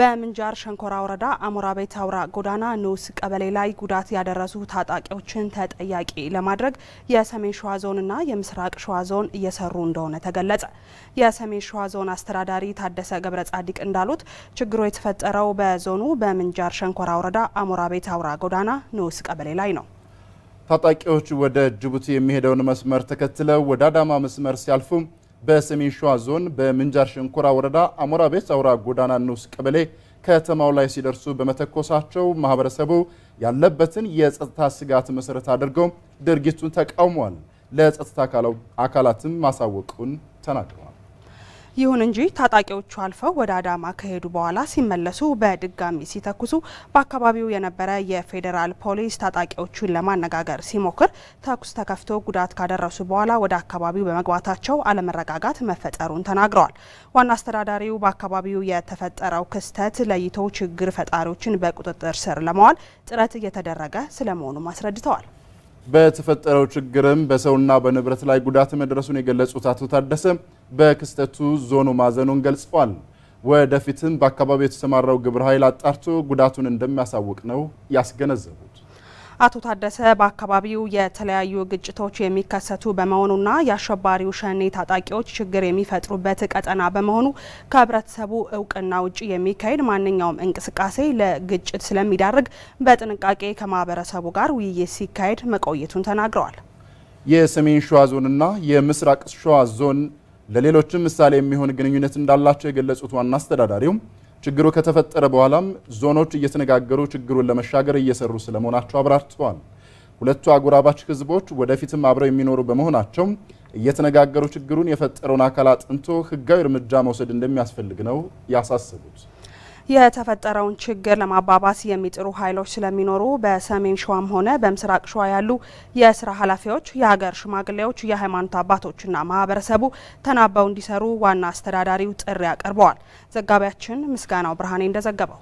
በምንጃር ሸንኮራ ወረዳ አሞራ ቤት አውራ ጎዳና ንዑስ ቀበሌ ላይ ጉዳት ያደረሱ ታጣቂዎችን ተጠያቂ ለማድረግ የሰሜን ሸዋ ዞንና የምስራቅ ሸዋ ዞን እየሰሩ እንደሆነ ተገለጸ። የሰሜን ሸዋ ዞን አስተዳዳሪ ታደሰ ገብረ ጻዲቅ እንዳሉት ችግሩ የተፈጠረው በዞኑ በምንጃር ሸንኮራ ወረዳ አሞራ ቤት አውራ ጎዳና ንዑስ ቀበሌ ላይ ነው። ታጣቂዎች ወደ ጅቡቲ የሚሄደውን መስመር ተከትለው ወደ አዳማ መስመር ሲያልፉም በሰሜን ሸዋ ዞን በምንጃር ሸንኮራ ወረዳ አሞራ ቤት አውራ ጎዳና ንዑስ ቀበሌ ከተማው ላይ ሲደርሱ በመተኮሳቸው ማህበረሰቡ ያለበትን የጸጥታ ስጋት መሰረት አድርገው ድርጊቱን ተቃውሟል። ለጸጥታ አካላትም ማሳወቁን ተናግረዋል። ይሁን እንጂ ታጣቂዎቹ አልፈው ወደ አዳማ ከሄዱ በኋላ ሲመለሱ በድጋሚ ሲተኩሱ በአካባቢው የነበረ የፌዴራል ፖሊስ ታጣቂዎቹን ለማነጋገር ሲሞክር ተኩስ ተከፍቶ ጉዳት ካደረሱ በኋላ ወደ አካባቢው በመግባታቸው አለመረጋጋት መፈጠሩን ተናግረዋል። ዋና አስተዳዳሪው በአካባቢው የተፈጠረው ክስተት ለይቶ ችግር ፈጣሪዎችን በቁጥጥር ስር ለማዋል ጥረት እየተደረገ ስለመሆኑም አስረድተዋል። በተፈጠረው ችግርም በሰውና በንብረት ላይ ጉዳት መድረሱን የገለጹት አቶ ታደሰ በክስተቱ ዞኑ ማዘኑን ገልጸዋል። ወደፊትም በአካባቢው የተሰማራው ግብረ ኃይል አጣርቶ ጉዳቱን እንደሚያሳውቅ ነው ያስገነዘቡት። አቶ ታደሰ በአካባቢው የተለያዩ ግጭቶች የሚከሰቱ በመሆኑና የአሸባሪው ሸኔ ታጣቂዎች ችግር የሚፈጥሩበት ቀጠና በመሆኑ ከህብረተሰቡ እውቅና ውጭ የሚካሄድ ማንኛውም እንቅስቃሴ ለግጭት ስለሚዳርግ በጥንቃቄ ከማህበረሰቡ ጋር ውይይት ሲካሄድ መቆየቱን ተናግረዋል። የሰሜን ሸዋ ዞንና የምስራቅ ሸዋ ዞን ለሌሎችም ምሳሌ የሚሆን ግንኙነት እንዳላቸው የገለጹት ዋና አስተዳዳሪውም ችግሩ ከተፈጠረ በኋላም ዞኖች እየተነጋገሩ ችግሩን ለመሻገር እየሰሩ ስለመሆናቸው አብራርተዋል። ሁለቱ አጎራባች ህዝቦች ወደፊትም አብረው የሚኖሩ በመሆናቸው እየተነጋገሩ ችግሩን የፈጠረውን አካል አጥንቶ ህጋዊ እርምጃ መውሰድ እንደሚያስፈልግ ነው ያሳሰቡት። የተፈጠረውን ችግር ለማባባስ የሚጥሩ ኃይሎች ስለሚኖሩ በሰሜን ሸዋም ሆነ በምስራቅ ሸዋ ያሉ የስራ ኃላፊዎች፣ የሀገር ሽማግሌዎች፣ የሃይማኖት አባቶችና ማህበረሰቡ ተናበው እንዲሰሩ ዋና አስተዳዳሪው ጥሪ አቅርበዋል። ዘጋቢያችን ምስጋናው ብርሃኔ እንደዘገበው